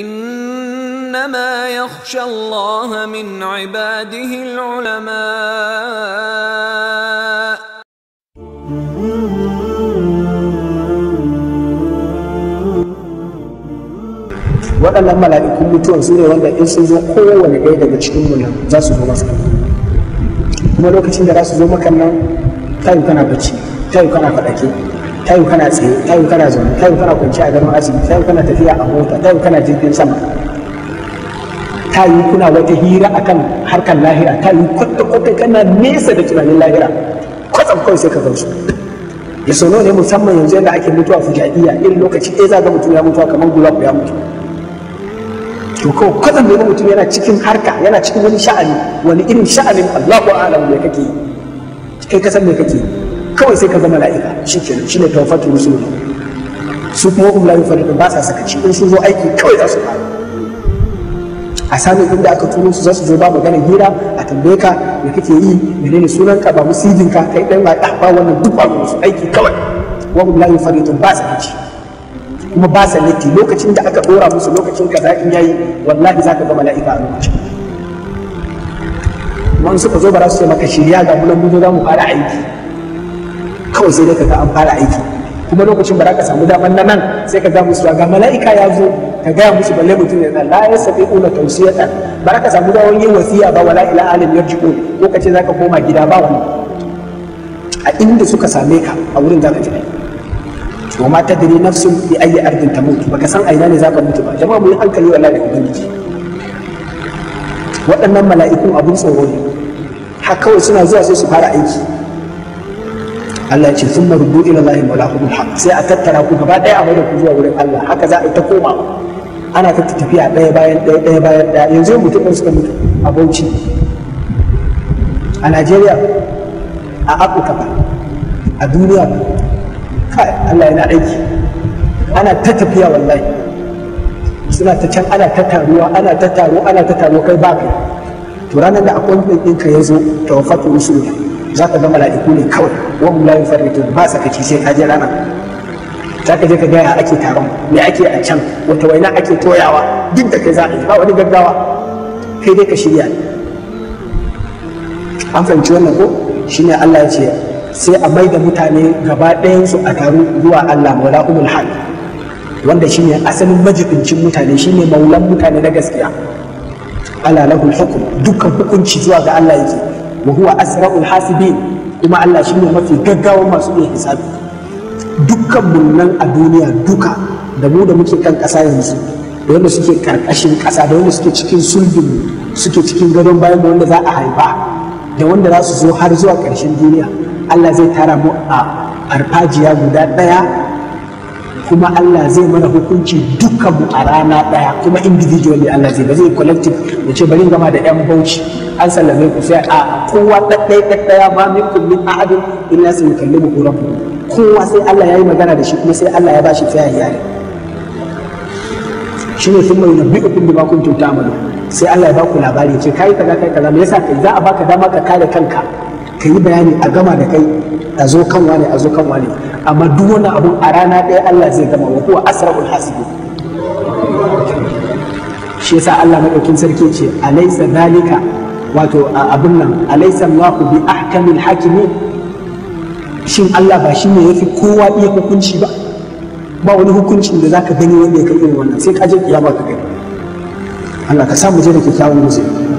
انما يخشى الله من عباده العلماء waɗannan mala'ikun mutuwa su ne wanda in sun zo kowane ɗaya daga cikin mu za su zo masa kuma lokacin da za su zo maka nan tayu kana bacci tayu kana faɗake ta yi kana tsaye ta yi kana zaune ta yi kana kwanci a garin asibiti ta yi kana tafiya a mota ta yi kana jirgin sama ta yi kuna wata hira akan harkar lahira ta yi kwata-kwata kana nesa da tunanin lahira kwatsam kawai sai ka gamsu ya sono ne musamman yanzu yadda ake mutuwa fujaiya irin lokaci ɗaya za ga mutum ya mutuwa kamar ku ya mutu to kawai kwatsam ne mutum yana cikin harka yana cikin wani sha'ani wani irin sha'anin allahu alam ne kake kai ka san me kake yi kawai sai ka zama la'ika shi ke shi ne tawafatu musulmi su kuma um la yufarridu ba sa sakaci in sun zo aiki kawai za su fara a samun inda aka turo su za su zo ba magana hira a tambaye ka me kake yi menene ka ba ka kai dan ba ah, ba wannan duk ba su aiki kawai wa hum la yufarridu ba sakaci kuma ba sa latti lokacin da aka dora musu lokacin kaza in yayi wallahi ka zama la'ika a lokacin wani suka zo ba za su ce maka shirya ga mu nan mu zo za mu fara aiki kawai sai dai kaga an fara aiki kuma lokacin ba za ka samu damar na nan sai ka ga musu ga mala'ika ya zo ka gaya musu balle mutum ya la ya sabi una tausiyatan ba za ka samu damar yin wasiya ba wala ila alim yarji'u ko ka za ka koma gida ba wani a inda suka same ka a wurin za ka ji wa ma tadri nafsun bi ayyi ardin tamut baka san aina ne za ka mutu ba jama'a mu yi hankali wallahi da ubangiji waɗannan malaiku abun tsoro ne har kawai suna zuwa sai su fara aiki Allah ya ce sun marubu ila lahi malakul haq sai a tattara ku gaba daya a mai da ku zuwa wurin Allah haka za a ta koma ana ta tafiya daya bayan daya daya bayan daya yanzu mutum suka mutu a Bauchi a Najeriya a Afirka ba a duniya ba kai Allah yana aiki ana ta tafiya wallahi suna ta can ana ta taruwa ana ta taro ana ta taro kai ba kai to ranar da akwai ɗinka ya zo tawaffatu rusulullah za ka ga mala'iku ne kawai wani la yufarritu ba ka sai ka je rana za ka je ka gaya ake taron me ake a can wata waina ake toyawa duk da kai za a yi ba wani gaggawa kai dai ka shirya an fahimci wannan ko shine Allah ya ce sai a mai da mutane gaba ɗayansu a taru zuwa Allah maula umul hal wanda ne asalin majibincin mutane shine maulan mutane na gaskiya ala lahul hukm dukkan hukunci zuwa ga Allah yake wa huwa asra'ul hasibin kuma Allah shine mafi gaggawa masu iya hisabi dukkan mun a duniya duka da mu da muke kan ƙasa yanzu da wanda suke karkashin ƙasa da wanda suke cikin sulbin suke cikin gadon bayan da wanda za a haifa da wanda za su zo har zuwa ƙarshen duniya Allah zai tara mu a farfajiya guda ɗaya kuma Allah zai mana hukunci dukkan mu a rana daya, kuma individually Allah zai ba zai collective ya ce bari gama da yan bauchi an sallame ku sai a kowa ɗaɗɗai ɗaɗɗaya ba min kun kullum ahadin illa sai mu kalli mu kowa sai Allah ya yi magana da shi kuma sai Allah ya ba shi fiya yare shi ne sun mai nabi ukun bima kuntum ta'malu sai Allah ya ba ku labari ya ce kai kaza kai kaza me yasa kai za a baka dama ka kare kanka ka yi bayani a gama da kai a zo kan wane a zo kan wane amma duk wani abu a rana ɗaya Allah zai gama wa kuwa asrarul hasibin shi yasa Allah madaukin sarki ce alaysa zalika wato abin nan alaysa Allahu bi ahkamil hakimi shin Allah ba shi ne yafi kowa iya hukunci ba ba wani hukuncin da zaka gani wanda ya kai irin wannan sai ka je kiyama ka gani Allah ka samu je da kyakkyawan musulmi